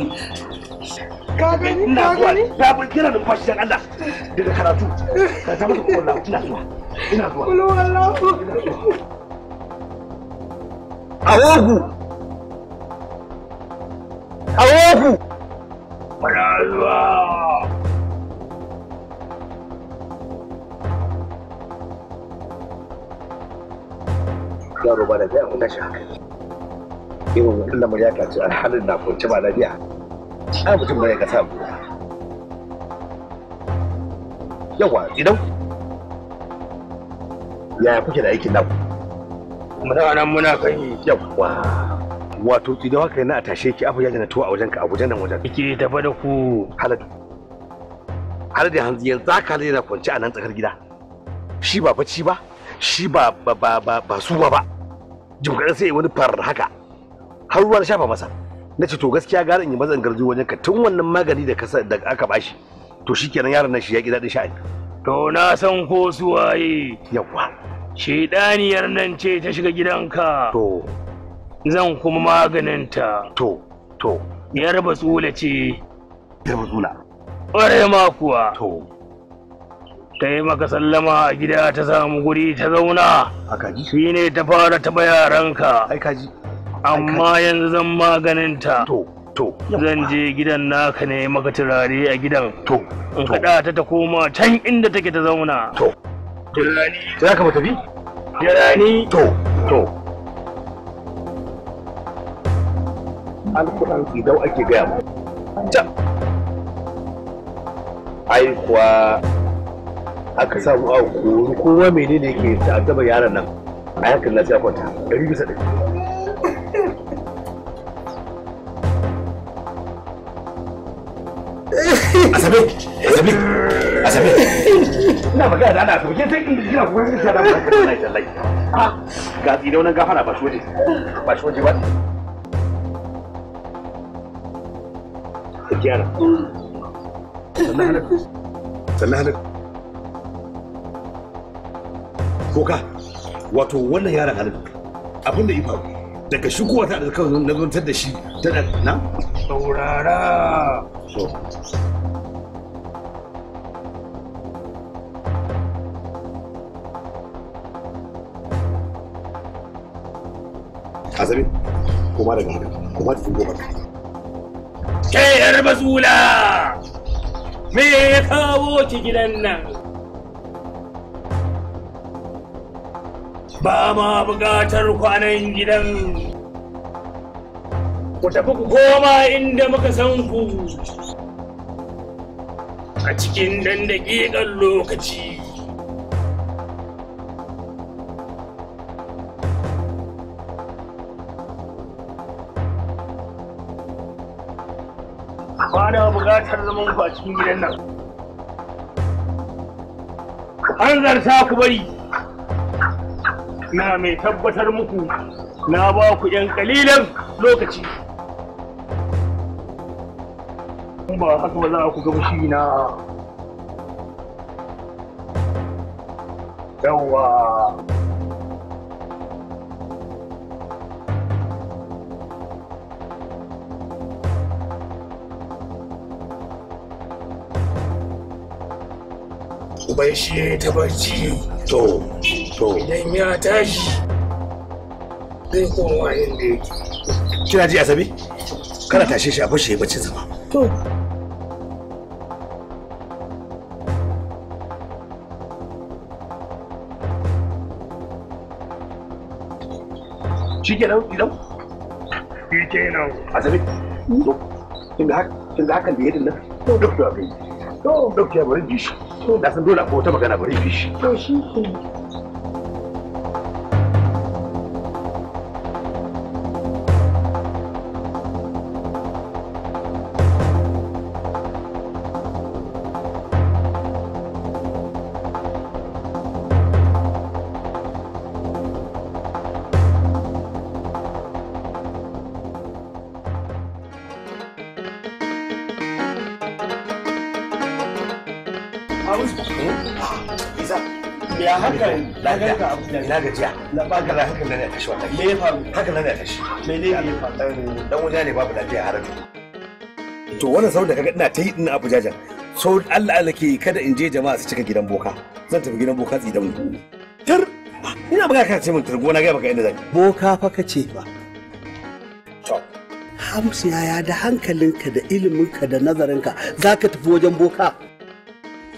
abin ka gani ka gani ta bin kira da fashi dan Allah daga karatu ka ta masa kullu ina zuwa ina zuwa kullu Allah awogu awogu bana zuwa yaro ba da zai mun tashi hankali irin wannan lamar ya kaci a halin na kwanci ba lafiya a, mutum bane ka samu yawa idan yaya kuke da aikin naku muna nan muna kan yi yawa wato idan haka yana a tashe ki abuja da tuwa a wajen ka abuja nan wajen kike tafa da ku haladu haladu yanzu yanzu haka haladu yana kwanci a nan tsakar gida shi ba bacci ba shi ba ba ba ba ba ba ba sai wani farar haka har ruwa na shafa masa na ce to gaskiya garin in yi mazan garzu wajen ka tun wannan magani da kasa da aka bashi to shikenan yaron nan shi ya ki sha'ani to na san ko suwaye yawa shedaniyar nan ce ta shiga gidanka to zan kuma maganinta to to yar batsula ce yar batsula ƙware ma kuwa to ta maka sallama a gida ta samu guri ta zauna a kaji shi ne ta fara taɓa yaranka ai kaji amma yanzu zan maganin ta to to zan je gidan naka ne maka turare a gidan to in kada ta ta koma can inda take ta zauna to turani to zaka mutubi turani to to alkuran idan ake gaya mu ta ai kuwa aka samu a kowa menene ke ta taba yaran nan a yankin lafiya kwanta 100 bisa 100 asabe asabe asabe ina magana da ana sauke sai in gina kuma sai da ba ta tallai ah, ga tsire wannan gafara ba shoje ba shoje ba Tijjana. Sannan halin. Koka, wato wannan yaron halin abin da ifa daga shigowa ta da kawai na zontar da shi ta na? Saurara! So. azabi kuma daga haka kuma tafi gobe ke yar bazula me ya kawo ki gidan nan ba ma buƙatar kwanan gidan ku tafi ku koma inda muka san ku a cikin dandakikan lokaci ana buƙatar zaman ku a cikin gidan nan an zarta ku bari na mai tabbatar muku na ba ku yan kalilan lokaci ba haka ba za ku ga shi na Yawwa! uban shi ne ta barci to to idan ya tashi zai koma inda yake kina ji asabi kana tashe shi a bashi ya bacci zama to shi ke nan idan? shi ke nan asabi hmm? kin ga hakan da yadin nan to duk da abin to duk ya bari ji shi da san dole ko ta magana bari fishi to shi ke ina gajiya ba ka lai hakan nan ya tashi wannan. me ya faru hakan nan ya tashi me ne ya faru dan wuya ne babu lafiya harabi to wannan sau da kaga ina ta yi ina abu jajan so Allah Allah ke kada in je jama'a su cika gidan boka zan tafi gidan boka tsidan mu tar ina baka ka ce min tar gona ga baka inda zan boka fa ka ce fa to Hamsu yaya da hankalinka da iliminka da nazarinka za ka tafi wajen boka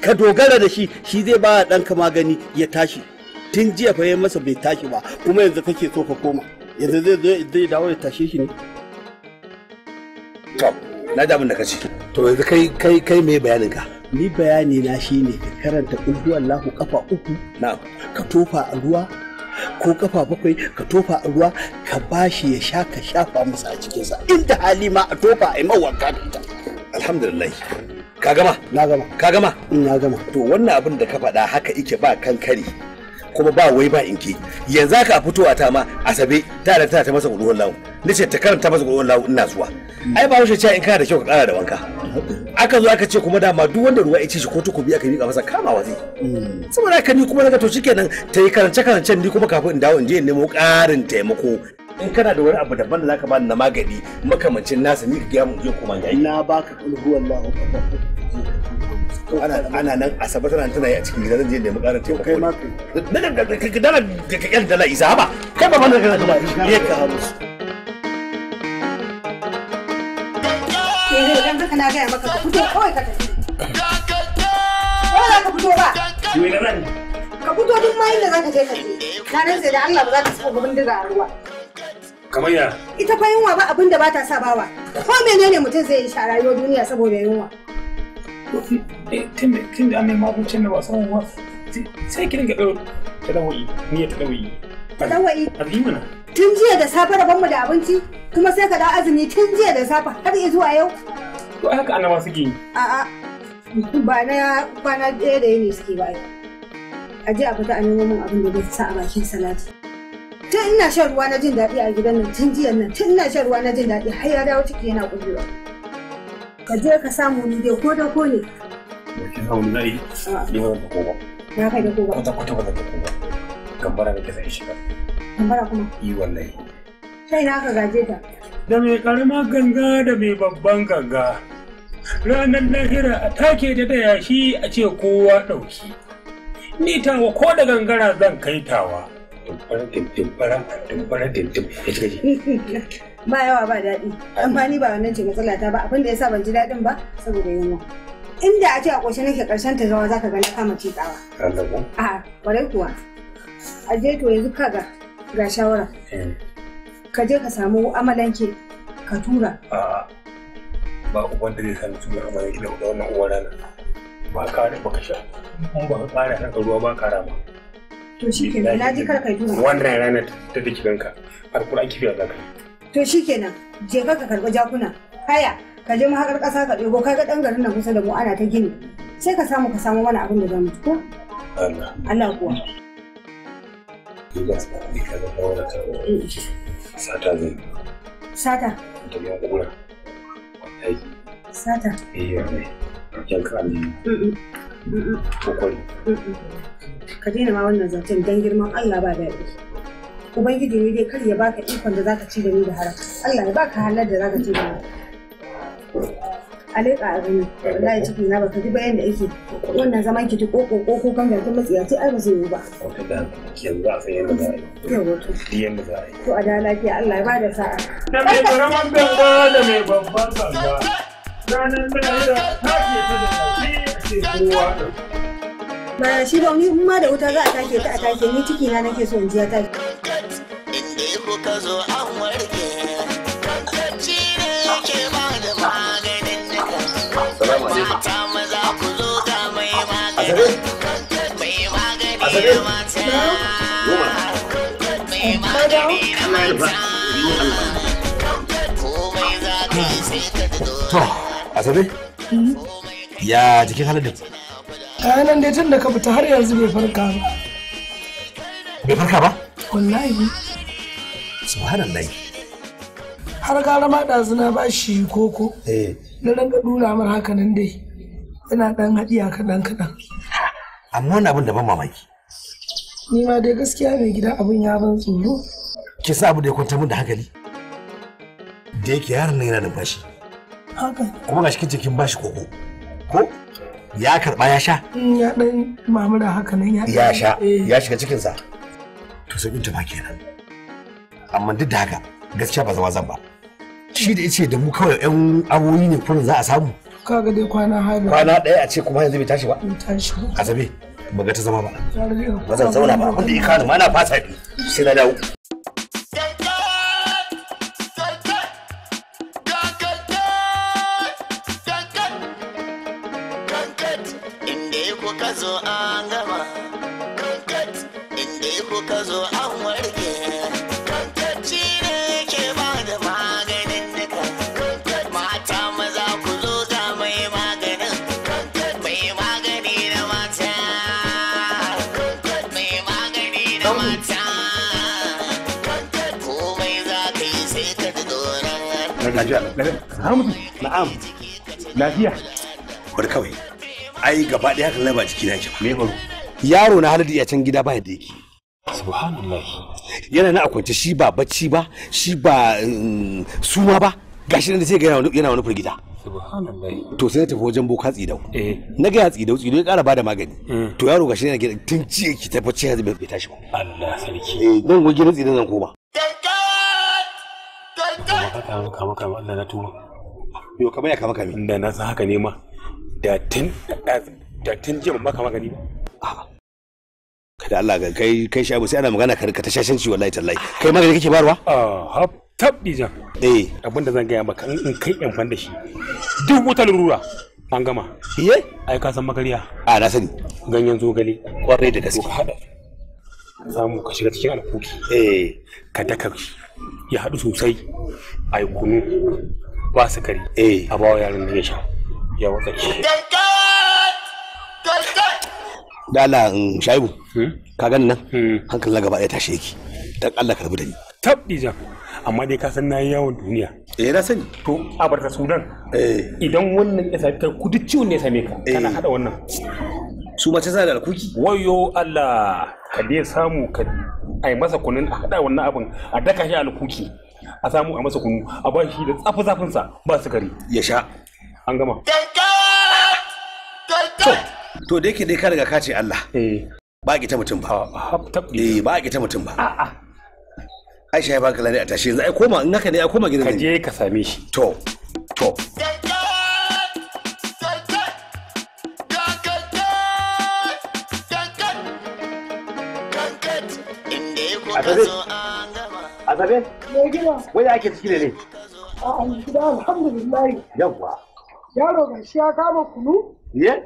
ka dogara da shi shi zai ba ɗanka magani ya tashi tun jiya fa yayin masa bai tashi ba kuma yanzu kake so ka koma yanzu zai zo zai dawo ya tashe shi ne to na da abin da kace to yanzu kai kai kai me bayanin ka ni bayani na shine ka karanta uhu Allahu kafa uku na'am ka tofa a ruwa ko kafa bakwai ka tofa a ruwa ka bashi ya sha ka shafa masa a cikinsa inda hali ma a tofa a yi mawa ta alhamdulillah ka gama na gama ka gama na gama to wannan abin da ka faɗa haka ike ba kankare kuma ba wai ba inke yanzu haka a fitowa ta ma asabe ta da ta masa gudun lawo nace ta karanta masa gudun lawo ina zuwa ai ba wuce cewa in kana da kyau ka kara da wanka aka zo aka ce kuma dama duk wanda ruwa ya ci shi ko tukubi aka miƙa masa kamawa zai saboda haka ni kuma daga to shikenan ta yi karance karancen ni kuma kafin in dawo in je in nemo ƙarin taimako in kana da wani abu daban da zaka bani na magani makamancin nasa ni ka gaya mun je kuma yayi na baka kulhu Allahu to ana ana nan asabar tana tana a cikin gida zan je mu ƙarar taimako kai ma kai da da da dala da ka dala isa ba kai ba mana kana mai ya ka hawo yanzu kana gaya maka ka fito kawai ka tafi ka ba ka duk ma inda za ka je ka je na nan sai da Allah ba za ka saka bindiga a ruwa kamar ya ita fa yunwa ba abin da bata sa bawa ko menene mutum zai yi shara rayuwar duniya saboda yunwa eh, tun da an nema abincin da ba samun wa sai ki dinga ɗau ta dawayi ni ta d'awai? ta dawayi abin mana tun jiya da safe rabon mu da abinci kuma sai ka da azumi tun jiya da safe har zuwa yau to haka annaba suke yi a'a ba na kwana ɗaya da yini suke ba a je a fita a nemo min abin da zai sa a bakin salati tun ina shan ruwa na jin daɗi a gidan nan tun jiyan nan tun ina shan ruwa na jin daɗi har ya dawo ciki yana ƙuguwa ka je ka samu ni dai ko da ko ne ah. na kai da kowa kwata kwata ba gambara da gambara kuma yi wallahi sai na ka gaje ta da mai karama ganga da mai babban ganga ranar lahira a take da da yashi a ce kowa ɗauki ni tawa ko da gangara zan kai tawa dimfara dimfara dimfara dimfim ya ci ba yawa ba daɗi Amfani ba wannan ce matsala ta ba abinda sa ban ji daɗin ba saboda yunwa inda a ce a ƙoshe nake ƙarshen ta zama zaka ga na kama tikawa a kwarai kuwa a je to yanzu kaga ga shawara ka je ka samu amalanke ka tura ba uban da zai sami tura amalanke da wannan uwa rana ba ka ba ka sha ba ka ƙara haka ruwa ba ƙara ba. To shi kenan, na ji kar kai duba. Wannan ranar ta da ganka, har kuma an kifi a ganka. To shi kenan, je ka karɓi jakuna, haya, ka je mahaƙar ƙasa ka ɗebo, kai ga ɗan garin nan kusa da mu ana ta gini. Sai ka samu ka samu wani abin da za mu ko? Allah. Allah kuwa. Sata zai. Sata. Ta biya gura. Sata. Eh, yanka ne. ka daina ma wannan zancen dan girman Allah ba daɗi ubangiji ne dai kar ya baka ikon da zaka ci gani da haram Allah ya baka halar da zaka ci gani alika a gani wallahi ciki na baka ji bayan da yake wannan zaman ki ta koko koko kan garkin matsiya ce ai ba zai yi ba yanzu a tsaye da za a yi wato diyan da za a yi to a da lafiya Allah ya ba da sa'a da mai karaman ganga da mai babban ganga ranar da ta ke ta da shi a ce kowa ba shi ba ni ma da wuta za a take ta a take ni ciki na nake so in ji ta zo ne ke ba da maganin nika ta Asabe, hmm? ya jikin halin da a nan dai tun da ka fita har yanzu bai farka ba bai farka ba wallahi subhanallahi har gara ma ɗazuna ba shi koko eh. na ranga dura mar haka nan dai ina ɗan haɗiya kaɗan kaɗan amma wani abin da ban mamaki ni ma dai gaskiya mai gida abin ya ban tsoro ki sa abu da ya kwanta min da hankali da yake yaron nan yana numfashi haka kuma ga shi kin bashi koko ko ya karba ya sha ya dan mamura haka nan ya ya sha eh. ya shiga cikin sa to sai ta kenan amma duk da haka gaskiya ba zama zan ba shi da yace da mu kawai yan aboyi ne kurin za a samu kaga dai kwana haɗa kwana ɗaya a ce kuma yanzu bai tashi ba tashi azabe ba ga ta zama ba ba zan zauna ba abin da ikanu ma na fasa sai na dawo lafiya Hamdu na'am lafiya kawai ai gaba kan jiki na yake me yaro na halidi a can gida ba yadda yake subhanallah yana na akwance shi ba bacci ba shi ba mm, suma ba gashi nan da sai ga yana wani subhanallah to sai na tafi wajen boka tsidau eh. na ga tsidau tsidau ya kara bada magani mm. to yaro gashi yana gida tun ci yake ta bacci ya zai bai tashi ba Allah sarki dan wajen gidan tsidau zan koma ɗan kama kama Allah na tuba yo kamar ya kama kame da na san haka ne ma da tun da tun jiya ba kama gani ba kada Allah ga kai kai shabu sai ana magana ka ta shashanci wallahi tallahi kai magana kake barwa a ah, tabbi jan eh abin da zan gaya maka in kai yan da shi duk wata lurura an gama iye ai ka san magariya a na sani ganyen zogale kwarai da gaske ka hada samu ka shiga cikin alfuki eh ka daka shi ya haɗu sosai a yi kunu ba kari eh. a bawa yaran da ya sha ya watsa shi dala in um, shaibu hmm? ka gan nan hmm. hankalin gaba ɗaya tashi yake don Allah ka da ni tab dijan amma dai ka san nayi yawon duniya eh na sani to a barka sudan eh. idan wannan ya sami ka kudu ciwon ne ya same ka eh. kana hada wannan su mace sa da alkuki wayo Allah ka dai samu ka a yi masa kunun a haɗa wannan abin a daka shi alkuki a samu a masa kunu a ba shi da tsafi zafinsa sa ba sukari ya sha an gama to da yake dai ka daga ka ce Allah ba a ta mutum ba eh ba a ta ah, ah, eh, mutum ba a'a Aisha ya baka lani a tashi yanzu ai koma in haka ne ai koma gidan ka je ka same shi to to Azabe? Me Wai ake ciki ne ne? A gida alhamdulillah. Yawwa. Yaro ga shi ya kama kunu? Ye?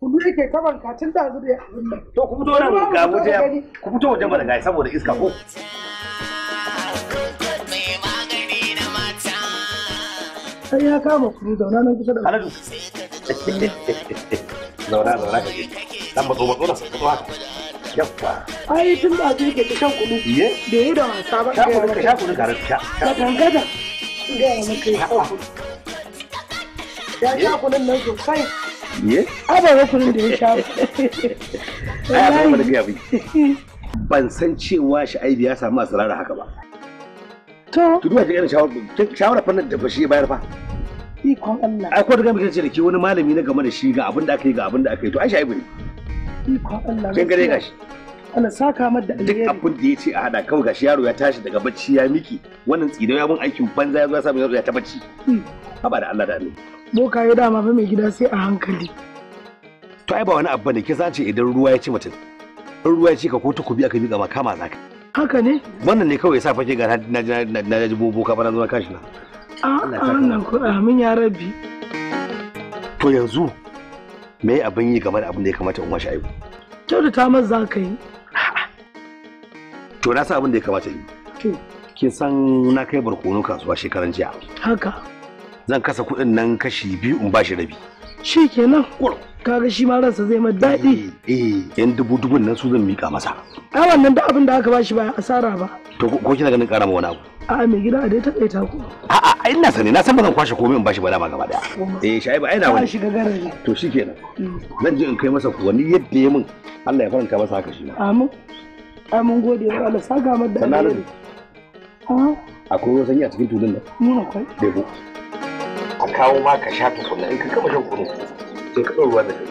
Kunu yake kaman katin da abin nan. To ku fito nan ga ku fito waje gai saboda iska ko. Sai ya kama kunu nan kusa da. na haka. yawwa ai tun da ji ke shan kudu iye da yi da wasa ba sha kudu ka sha kudu ka rasu sha gangada ga ya muke ya sha kudin nan sosai iye aba ga kudin da ya sha ai ban san cewa sha'ibi ya samu asirara haka ba to tudu ba ki irin shawara fannin da fashi bayar fa ikon Allah ai ko da ga ce da ke wani malami na game da shi ga abin da aka yi ga abin da aka yi to ai sha'ibi ne ikon Allah kin gare gashi Allah saka mar da alheri duk abin da yace a hada kawai gashi yaro ya tashi daga bacci ya miki wannan tsidan ya bin aikin banza ya zo ya samu ya ta bacci hmm. haba da Allah da Allah boka ya dama fa mai gida sai a hankali to ai ba wani Abba ne kisa ce idan ruwa ya ci mutum in ruwa ya ci ka ko takobi aka miƙa ma kama zaka haka ne wannan ne kawai ya sa fake ga na ji boka ba na zo na kashi na a'a nan ku amin ya rabbi to yanzu me abin yi game da abin da ya kamata in washe Kyau kyautata masa za ka yi to na san abin da ya kamata yi kin san na kai barkono kasuwa shekaran jiya haka zan kasa kuɗin nan kashi biyu in bashi rabi shi kenan kaga shi ma ransa zai mai daɗi eh, eh. yan dubu dubun nan su zan mika masa a wannan da abin da aka bashi ba asara ba to ko kina ganin ƙara wani abu a'a mai gida a dai ta tsaita a a'a ai ina sani na san ba zan kwashe komai in bashi ba dama gaba daya eh shaibu ai na wani shiga garin to shikenan mm. zan in kai masa kuwani yadda ya min Allah ya faranta masa haka shi na amin amin gode wa Allah saka mar da a akwai ruwan sanyi a cikin tulun nan mun a kawo ma ka sha tukunna in ka shan kunu sai ka ɗau da kai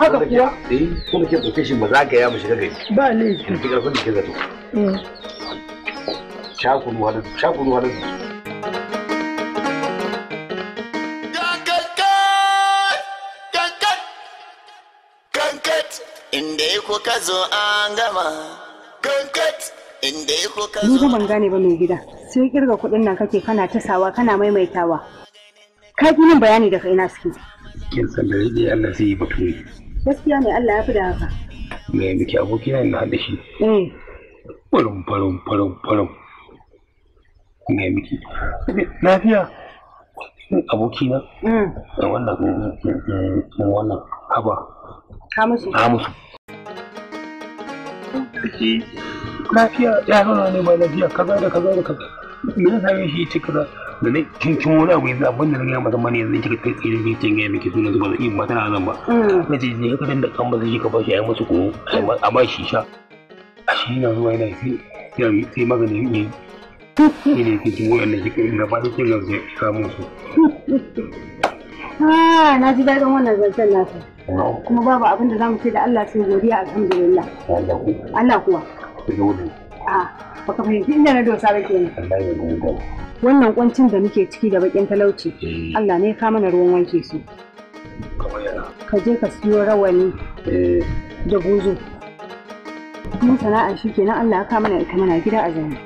haka kuwa eh kuma ke ɗauke shi ba za ka ya mu shiga gari ba ne ki ƙarfin da ke zato mm. shakuru halin shakuru halin Inda ya kuka zo an gama, kankat inda ya kuka zo. Ni ba ban gane ba mai gida, sai kirga kuɗin nan kake kana tasawa kana maimaitawa. Ka ji min bayani daga ina suke. Kin san da rage Allah sai yi batu Gaskiya ne Allah ya fi da haka. Me muke abokina ina da shi. Eh. Farum farum farum farum. ga miki lafiya abokina da mm. wannan mm, mm, wannan haba hamusu hamusu lafiya yaron ne ba lafiya kaza da kaza da kaza me yasa yin shi ci kaza da ne kin wani abu yanzu abin da na gaya mata mani yanzu kika kai tsirin ne kin gaya miki sunan zuba da ba tana zan ba na ce ne haka da kan ba zai ka bashi ayi musu ko a ba shi sha a shi yana zuwa yana sai magani shi ne na ji wannan zancen Kuma abin da zamu ce da Allah godiya alhamdulillah. Allah kuwa. baka fahimci inda na dosa ba kenan. Wannan kwancin da muke ciki da bakin talauci, eh. Allah ne ka mana ruwan wanke su. Ka je ka siyo rawani eh. da buzu. Mun sana'ar shi kenan Allah ya ka mana ita mana gida a zama.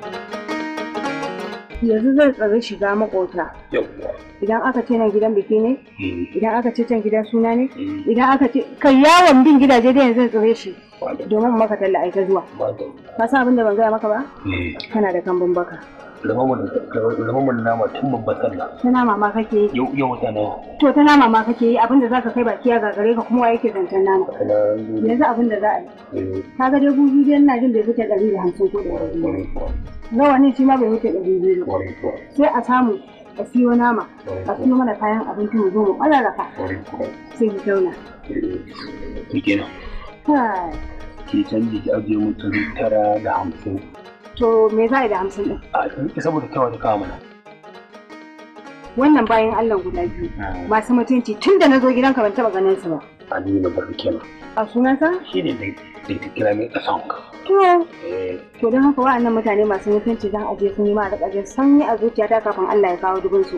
yanzu zan tsare shiga makota idan aka ce nan gidan biki ne hmm. idan aka ce can gidan suna ne hmm. idan aka ce kai yawon bin gidaje da yanzu tsare shi domin maka talla aika zuwa ka san abin da ban gaya maka ba hmm. kana da kambun baka Lamamun nama tun babban sallah ta nama ma kake yi yau ta nawa to ta nama ma kake yi abinda za ka kai baki a gagare ka kuma yake zancen nama yanzu abinda za a yi ka ga dai gudu na jin bai fice ɗari da hamsin ko da ɗari ne shi ma bai wuce ɗari biyu sai a samu a siyo nama a siyo mana kayan abinci mu zo mu ƙararraka sai mu zauna. Ki Kai. Ki canji ki ajiye mutum tara da hamsin. To me za da hamsin ɗin? A ki saboda kawai da kawo mana. Wannan bayan Allah guda biyu ah. masu mutunci tun da na zo ka ban taɓa ganin su ba. Aliyu na bari kenan. A sunansa? Shi ne dai ta kira mai ƙasan ka. to don haka wa'annan mutane masu mutunci zan aje sun yi ma rika jin yi a zuciyata kafin Allah ya kawo dubin su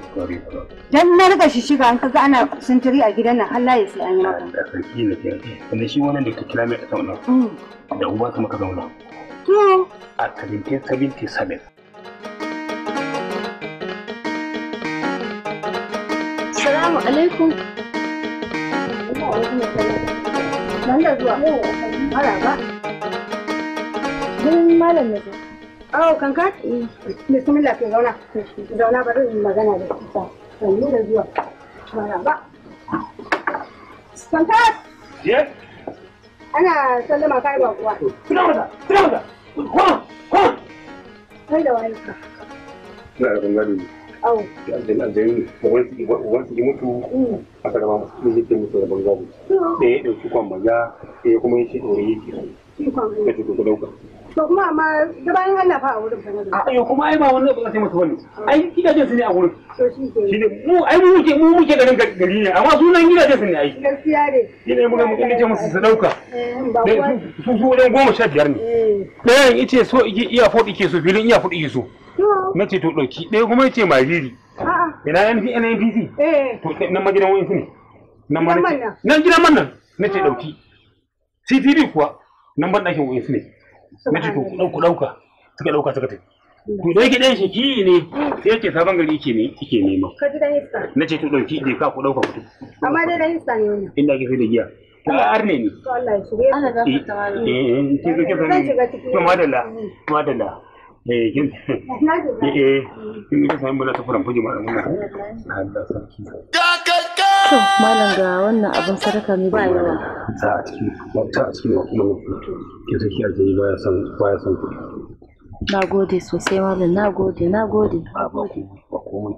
dan na riga shi shiga an kaga ana sintiri a gidan nan Allah ya sai an yi maka kuma shi wannan da ka kira mai ka zauna mm. da uba ka maka zauna to a sabe Assalamu alaikum. Nan da zuwa. Mara ba? Don malam ya zo. Oh, kanka? Eh. Bismillah ke zauna. Zauna bari in magana da kusa. Sannu da zuwa. Maraba. Kanka? Je. Ana sallama kai ba kuwa. Fita maza, fita maza. Kwan, kwan. Kai da wani ka. Ina da bangare ne. wasu mutu mm. a kuma ya To kuma amma da bayan Allah fa a wurin fa na A yau eh, kuma ai ba wannan ba sai mutu bane. Ai gidajen su ne a wurin. To shi ke. Shi mu ai mu muke mu muke garin gari ne amma sunan gidajen su ne ai. Gaskiya ne. Shi ne musu su dauka. Eh, su su wajen goma sha biyar ne. Eh. Ɗayan ice so iya foɗi ke so filin iya foɗi ke so. Na ce to ɗauki ɗaya kuma ya ce mariri. Ina NPC? To nan magidan wa'insu ne. Nan Nan gidan man nan. Na ce ah. ɗauki. CTV kuwa nan ban ɗakin wa'insu ne. miji ko ku ɗauka suka dauka suka tafi dai gidan shi ki ne sai yake sabon gari yake ne yake nema ka ji dan hissa nace dauki je ka ku ɗauka ku amma dai dan hissa ne wannan inda ke da giya ta arne ne to Allah ya shirye Allah ya fata eh, eh ki ga ki to madalla madalla eh kin eh, eh kin ga sai mun fuji Allah sarki to malam ga wannan abin sadaka ne ba yawa ta a ta a ke ta baya san kuɗi na gode sosai malam na gode na gode ba ba ba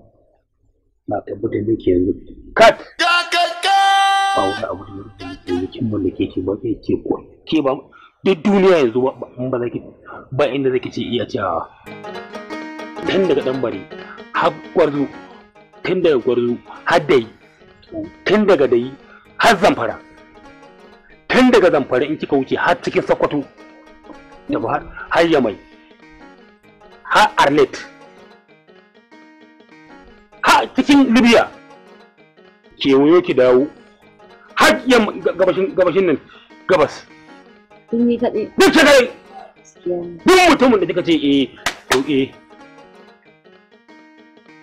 na tabbatar da ke yanzu kat ba wani abu da yake yanzu kin mallake ke ba ke ke ko ke ba duk duniya yanzu ba ba zaki ba inda zaki ce iya cewa tun daga ɗan Bari har gwarzo tun daga gwarzo har dai tun daga yi har zamfara tun daga zamfara in kika wuce har cikin sokoto da ba har yamai har arlet har cikin libya kewayo ki dawo har gabashin nan gabas sun yi kaɗai duk shi kaɗai duk mutumin da kika ce eh to eh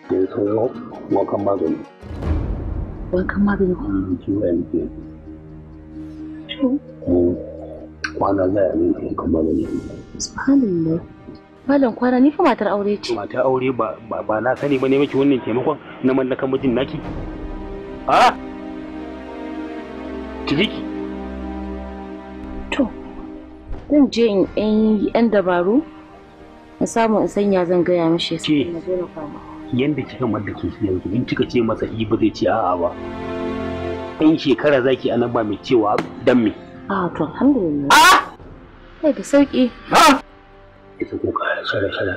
yanzu kan magani wankan magani ko to kwana za a yi wankan magani subhanallah malam kwana ni fa matar aure ce matar aure ba ba na sani ba ne miki wannan taimakon na mallakan mijin naki a tiriki to zan je in yan dabaru na samu in sanya zan gaya mishi sai na zo na kwana yanda kika ke shi yanzu in kika ce masa i ba zai ce a'a ba in shekara zaki ana ba mai cewa dan me a to alhamdulillah a ah! kai da sauki a ita ko ka sara sara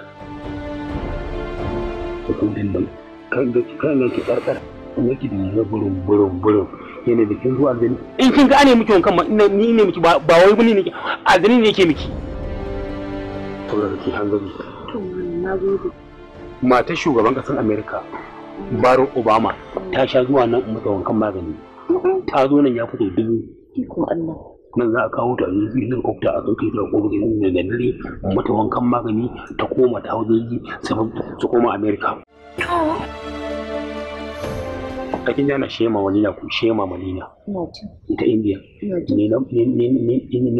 ko kun din nan kan ga kan ga ki karkar kuma ki dinga burun burun burun yana da kin zuwa gani in kin ga ne miki wankan ma ni ne miki ba wai wani ne a gani ne yake miki to da ki hanzari to na gode matar shugaban ƙasar amerika barack obama ta sha zuwa nan mata wankan magani ta zo nan ya fito dubu nan za a kawo ta yanzu filin a sauke ta ko bukin da dare mata wankan magani ta koma ta hau jirgi su koma amerika kakin yana shema malina ku shema malina ita indiya ne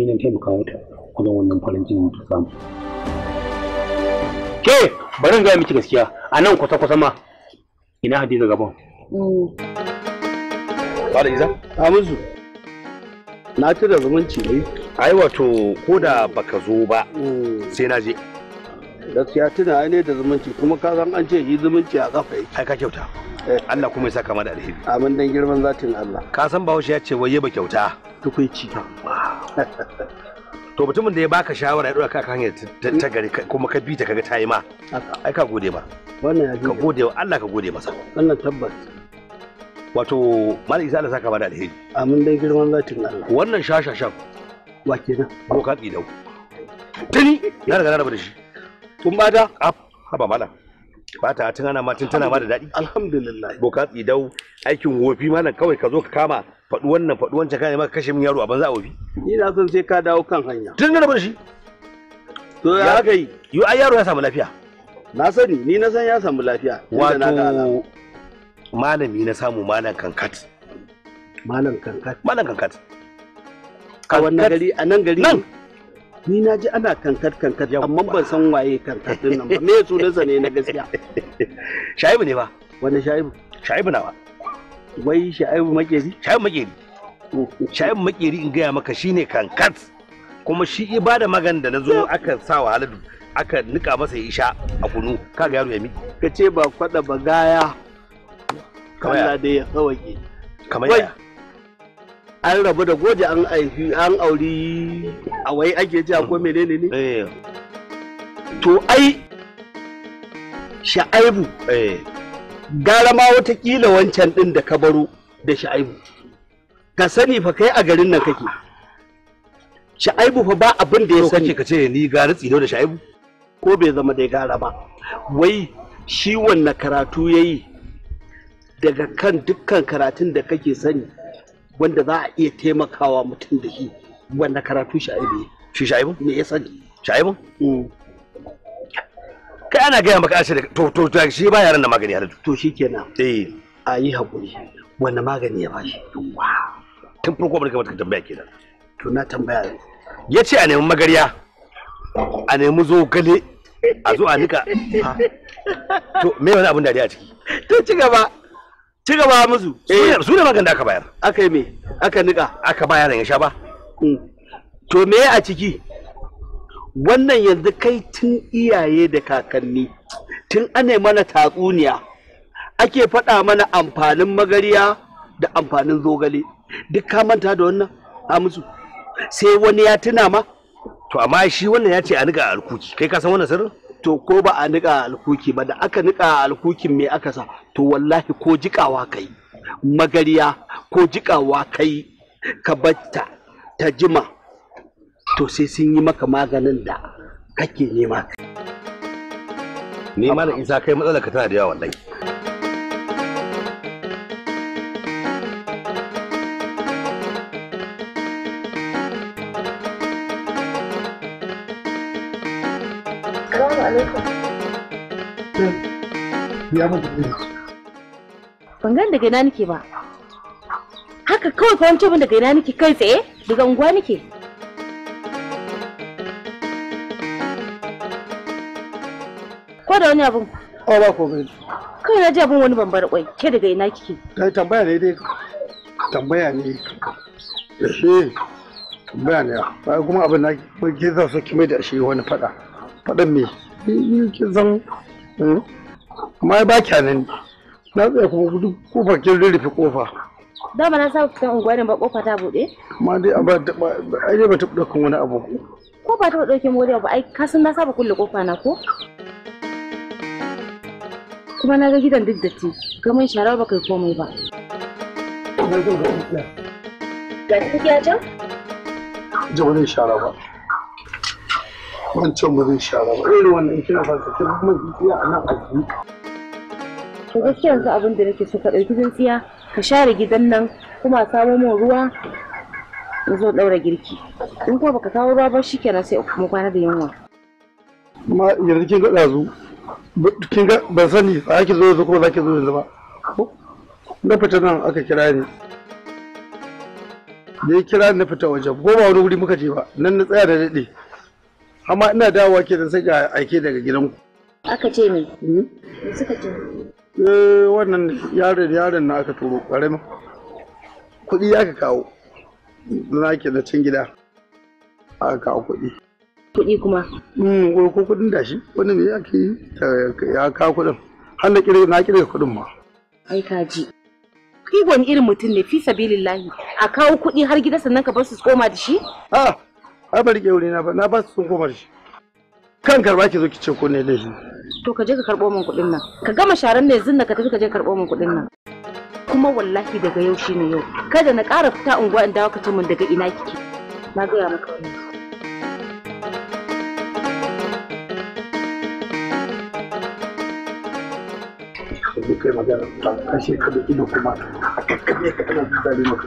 nan taimaka mata wajen wannan farin jini ta samu ke bari ga miki gaskiya a nan kwata kwata ma ina hadiza gaban Bada mm. Iza? A musu. Na da zumunci ne. Ai wato ko da baka zo ba mm. sai na je. Gaskiya tuna ai ne da zumunci kuma ka san an ce yi zumunci a kafa yake. Ai ka kyauta. Eh. Allah kuma ya saka mana alheri. Amin dan girman zatin Allah. Ka san Bahaushe ya ce waye ba kyauta. Tukuici. to mutumin da ya baka shawara ya dora ka hanyar ta gari kuma ka bi ta kaga ta yi ma ai ka gode ma wannan ya ka gode wa Allah ka gode masa wannan tabbas wato malik isa Allah saka bada alheri amin dai girman zatin Allah wannan shashashan wa kenan ko ka tsidau tuni ya riga na raba da shi tun ba da haba malam ba ta tun ana ma tana ma da daɗi alhamdulillah boka idau aikin wofi malam kawai ka zo ka kama faɗi wannan faɗi wancan ma ka kashe min yaro a banza a wofi ni na son sai ka dawo kan hanya tun da bar shi to ya kai yi ai yaro ya samu lafiya na sani ni na san ya samu lafiya wato malami na samu malam kankat malam kankat malam kankat a wannan gari a nan gari nan ni na ji ana kankat kankat amma ban san waye kankat din nan ba me sunansa ne na gaskiya shaibu ne ba wani shaibu shaibu ba. wai shaibu makeri shaibu makeri oh, oh. shaibu makeri in gaya maka shine kankat kuma shi ibada magan da na zo aka sa wa haladu aka nika masa ya isha a kunu Ka ga yaro ya miki? ka ce ba kwada ba gaya kamar da ya tsawaki kamar ya an rabu da goje an aifi an auri a wai ake ji ko mm. menene ne eh. to ai sha'aibu eh. gara ma watakila wancan din da ka baro da sha'aibu ka sani fa kai a garin nan kake sha'aibu fa ba abin da ya sani ka ce ni gari tsino da sha'aibu ko bai zama dai gara ba wai shi wanne karatu yayi daga kan dukkan karatun da kake sani wanda za a iya taimakawa mutum da shi wanda karatu sha'ibu shi sha'ibu me ya sani sha'ibu mm. kai ana gaya maka ashe to to to shi ba yaran da magani halittu to shikenan eh a yi hakuri wanda magani ya bashi wa tun farko ba ka tambaya kenan to na tambaya ya ce a nemi magarya a nemi zogale a zo a nika to me wani abin dariya a ciki to ci gaba ci gaba musu su ne eh. magan da aka bayar aka yi me aka nika aka bayar ya sha ba mm. to me a ciki wannan yanzu kai tun iyaye da kakanni tun ana mana tatsuniya ake faɗa mana amfanin magariya da amfanin zogale duk ka manta da wannan a musu sai wani ya tuna ma to amma shi wannan ya ce a nika alkuki kai ka san wannan sirrin to ko ba a nika alkuki ba da aka niƙa alkukin mai aka sa to wallahi ko jikawa kai magariya ko jikawa kai ka batta ta jima to sai sun yi maka maganin da kake nema ni da isa kai matsalar ka tana da yawa wallahi biya mata kuɗi ban gani daga ina nake ba haka kawai fahimci min daga ina nake kai tsaye daga unguwa nake ko da wani abin o ba komai kai na ji abin wani bambar kwai ke daga ina kike kai tambaya ne dai tambaya ne eh tambaya ne ba kuma abin na ke za su kime da shi wani fada fadan me kin zan hmm? amma ba kya nan na tsaye kuma duk kofar kin rurrufe kofa da ba na sa fitan unguwa ne ba kofa ta bude amma dai ba ai ba ta daukan wani abu ko ba ta dauke mu ba ai ka san na saba kulle kofa na ko kuma na ga gidan duk datti mun shara ba kai komai ba ga ta can? Jawanin shara ba. wancan ba zai shara ba irin wannan kina ba ka kira man tsintsiya a nan aji to gaskiya yanzu abin da nake so ka ɗauki tsintsiya ka share gidan nan kuma samo min ruwa in zo ɗaura girki in kuma baka kawo ruwa ba shi kenan sai mu kwana da yunwa ma yanzu kin ga ɗazu kin ga ban sani za ki zo yanzu kuma za ki zo yanzu ba na fita nan aka kira ni da ya kira ni na fita wajen ko ba wani wuri muka je ba nan na tsaya da daɗe amma ina dawowa ke da sai aike daga gidanku aka ce ne hmm? me suka ce eh wannan yaron yaron na aka turo ƙaramin kuɗi ya ka kawo na ke da can gida aka kawo kuɗi kuɗi kuma mm ko kuɗin da shi wani me yake ya kawo kuɗin har na kirga na kirga kuɗin ma ai ji. kai wani irin mutum ne fi sabilillahi a kawo kuɗi har gida sannan ka bar su koma da shi ah ai bari ke na ba na ba su sun koma shi kan karba ki zo ki ce ko ne laifi to ka je ka karbo min kuɗin nan ka gama sharan ne yanzu ka tafi ka je ka karbo min kuɗin nan kuma wallahi daga yau shine yau kada na ƙara fita unguwa in dawo ka min daga ina kike na gaya maka kai magana ta kashe ka da ido kuma a kakkabe ka tana tsari maka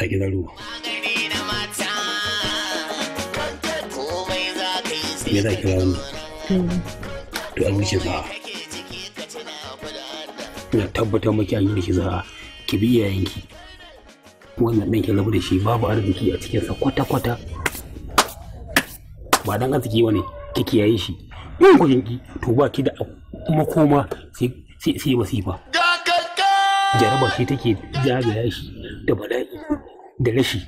a gidan ruwa. Me za kira wannan? To an wuce za na tabbatar maki an yi shi za ki bi iyayenki. Wannan ɗan ki rabu da shi babu arziki a cikinsa kwata-kwata. Ba dan arziki ba ne ki kiyaye shi. In ku to ba ki da makoma sai wasifa. jaraba shi take zagaya shi da bala'i da rashi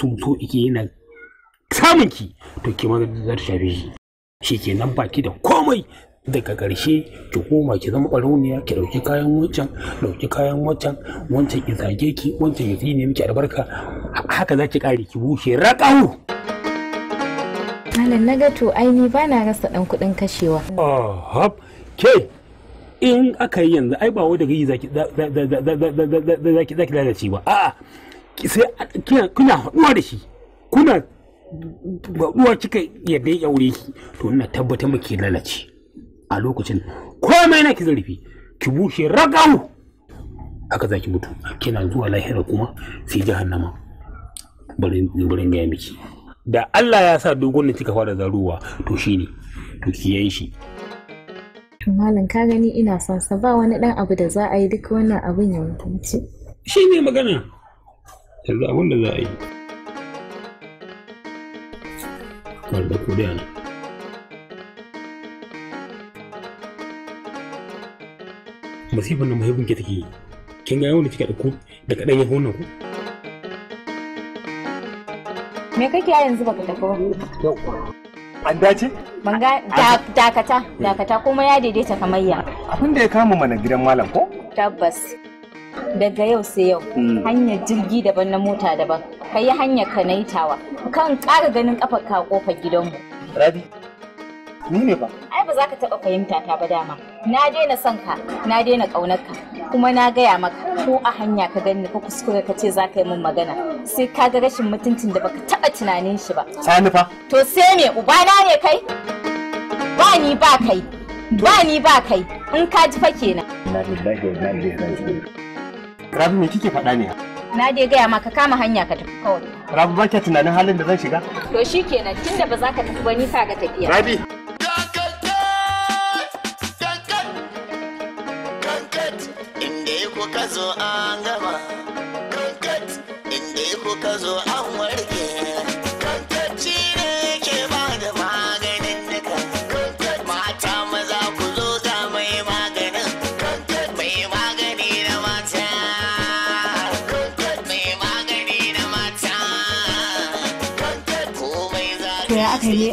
sun so ike yana samun ki to ki ma za shafe shi shi ke nan baki da komai daga ƙarshe ki koma ki zama ɓarauniya ki ɗauki kayan wancan ɗauki kayan wancan wancan ki zage ki wancan ya zine miki albarka haka za ki ƙare ki bushe raƙahu. malam na gato, to ai ni ba na rasa ɗan kuɗin kashewa. ahab ke in aka yi yanzu ai ba wai daga yi zaki zaki lalace ba a'a sai kuna haɗuwa da shi kuna haɗuwa kika yadda ya aure shi." to ina tabbatar muke lalace a lokacin komai na ki zarafi ki bushe ragau aka zaki mutu kina zuwa lahira kuma sai jahannama bari bari ga miki da Allah ya sa dogon ne kika fara zaruwa to shine to kiyaye shi malam ka gani ina son sa ba wani dan abu da za a yi duk wannan abin ya mutunci shi ne magana yanzu abin da za a yi kwallo ku da masifan nan mahaifin ke take yi kin ga yawan da kika ɗauko da kaɗan ya hona ku me kake yanzu baka tafi ba An dace? Banga dakata, dakata kuma ya daidaita kamar ya. Abin da ya kama mana gidan malam ko? Tabbas. Daga yau sai yau, hmm. hanyar jirgi daban na mota daban, ka yi hanyar ka kan ƙara ganin ƙafar ka ƙofar gidanmu. Rabi, ni ne ba. Ai ba za ka taɓa fahimta ta ba dama. Na daina son ka, na daina ƙaunar ka, kuma na gaya maka. ko a hanya ka gani ka kuskure ka ce za ka yi min magana sai ka ga rashin mutuntun da baka taba tunanin shi ba sani fa to sai me ubana ne kai ba ni ba kai ba ni ba kai in ka ji fa kenan rabi me kike faɗa ne na dai gaya maka kama hanya ka tafi kawai rabi ba tunanin halin da zan shiga to shikenan tunda ba za ka tafi ba ni ka ga tafiya rabi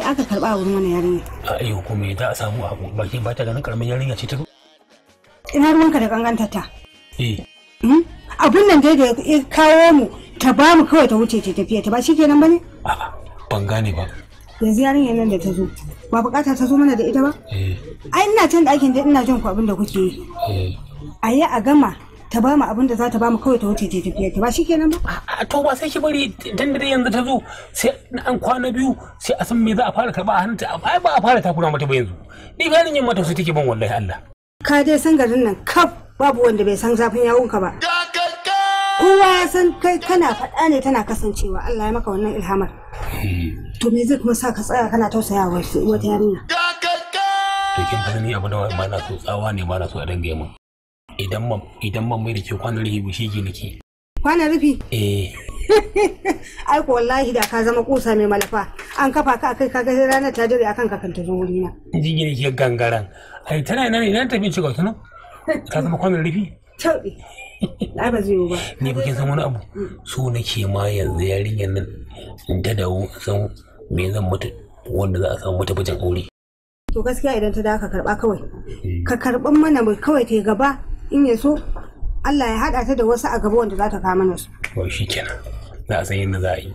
aka karba a wurin wani yarinya a iyo ko me da a samu a bakin ba ta ganin karamin yarinya ce ta ina ruwanka da ganganta ta eh hmm? abin nan dai da ya kawo mu ta ba mu kawai ta wuce ta tafiya ta ba shi kenan ba ne? ban gane ba. Yanzu yarinyar nan da ta zo ba bukata ta zo mana da ita ba? Eh. Ai ina can ɗakin da ina jin ku abin da kuke yi. Eh. A yi a gama ta ba mu abin da za ta ba mu kawai ta wuce je ta ba kenan ba a to ba sai ki bari dan dare yanzu ta zo sai an kwana biyu sai a san me za a fara karba a hannunta ai ba a fara takura mata ba yanzu ni ga yin mata sai take ban wallahi Allah ka dai san garin nan kaf babu wanda bai san zafin ka ba kowa ya san kai kana faɗa ne tana kasancewa Allah ya maka wannan ilhamar to me zai kuma sa ka tsaya kana tausaya wa wata yarinya to kin ni abu da ma na so tsawa ne ma na so a dangaye mun idan ban idan mai da ke kwanan rufi shi ke nake kwanan rufi eh ai ko wallahi da ka zama kusa mai malafa an kafa ka akai ka ga ranar ta dare akan ka kanta zo wuri Ji jigin ke gangaran ai tana nan ina tafi cikin gautu nan ka zama kwanan rufi tauɗi ai ba zai ba ni ba san wani abu so nake ma yanzu yarinyar nan da ta dawo san me zan mutu wanda za a samu mata bijin aure to gaskiya idan ta dawo ka karba kawai ka hmm. karban mana kawai ta gaba in ya so Allah ya haɗa ta da wasu a gaba wanda za ta kama mana su. Wai shi kenan za a na za a yi.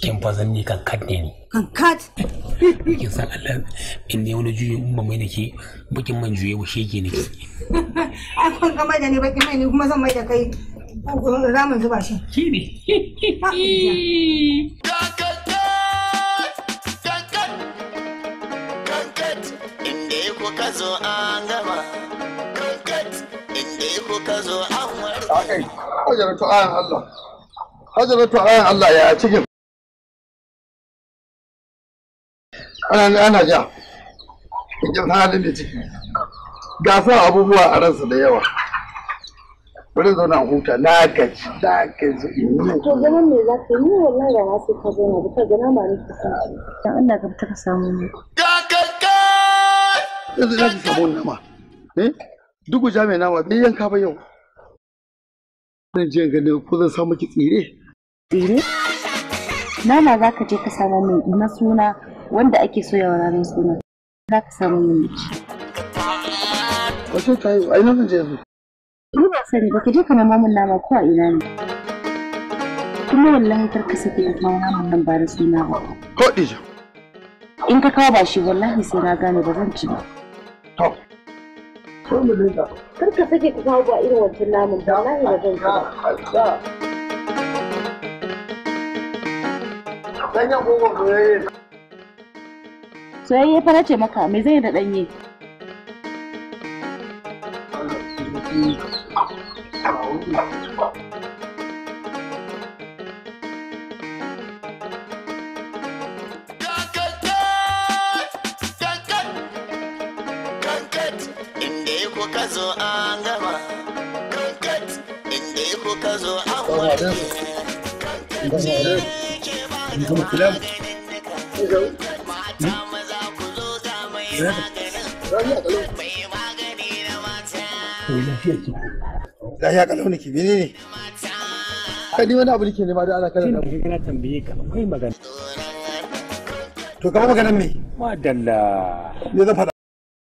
Kin fa zan ni kankat ne ni. kat. Kin san Allah in ne wani juyi in ba mai da ke bakin man juye wa ke ne. Ai kun mai da ni bakin mai ne kuma zan mai da kai ramin zuba shi. Ki ne. Kankat, kankat, inda ya kuka zo an gama. ka zo an Allah hajaratu ayan Allah ya cikin ana ana ja cikin halin da ciki ga abubuwa a ransa da yawa Wani zauna huta na gaji na gaji in to zaman mai za ka yi wallahi da wasu ka zauna ba ka gana ma ni kusanci dan Allah ka fita ka samu ni ga ga ga yanzu na ji sabon nama eh duk guja mai nama bai yanka ba yau zan je gani ko zan samu ki tsire tsire nama za ka je ka samu min na suna wanda ake so ya wuraren suna za ka samu min miki wace ta yi a ina zan je yanzu ni ba sani ba ka je ka nema min nama ko a ina ne kuma wallahi kar ka sake ka kawo naman nan ba da suna ba ko dija in ka kawo ba shi wallahi sai na gane ba zan ci ba to ko mu kar ka sake ka kawo ba irin wancan namun ba na ba zan ba Soyayye fara ce maka me zai da ɗanye? Moreno. Igor Moreno. Igor Moreno. Igor Lafiya ke bene ne. Kadi wani abu da ana kana Kana tambaye ka akwai magana. To ka magana me? Me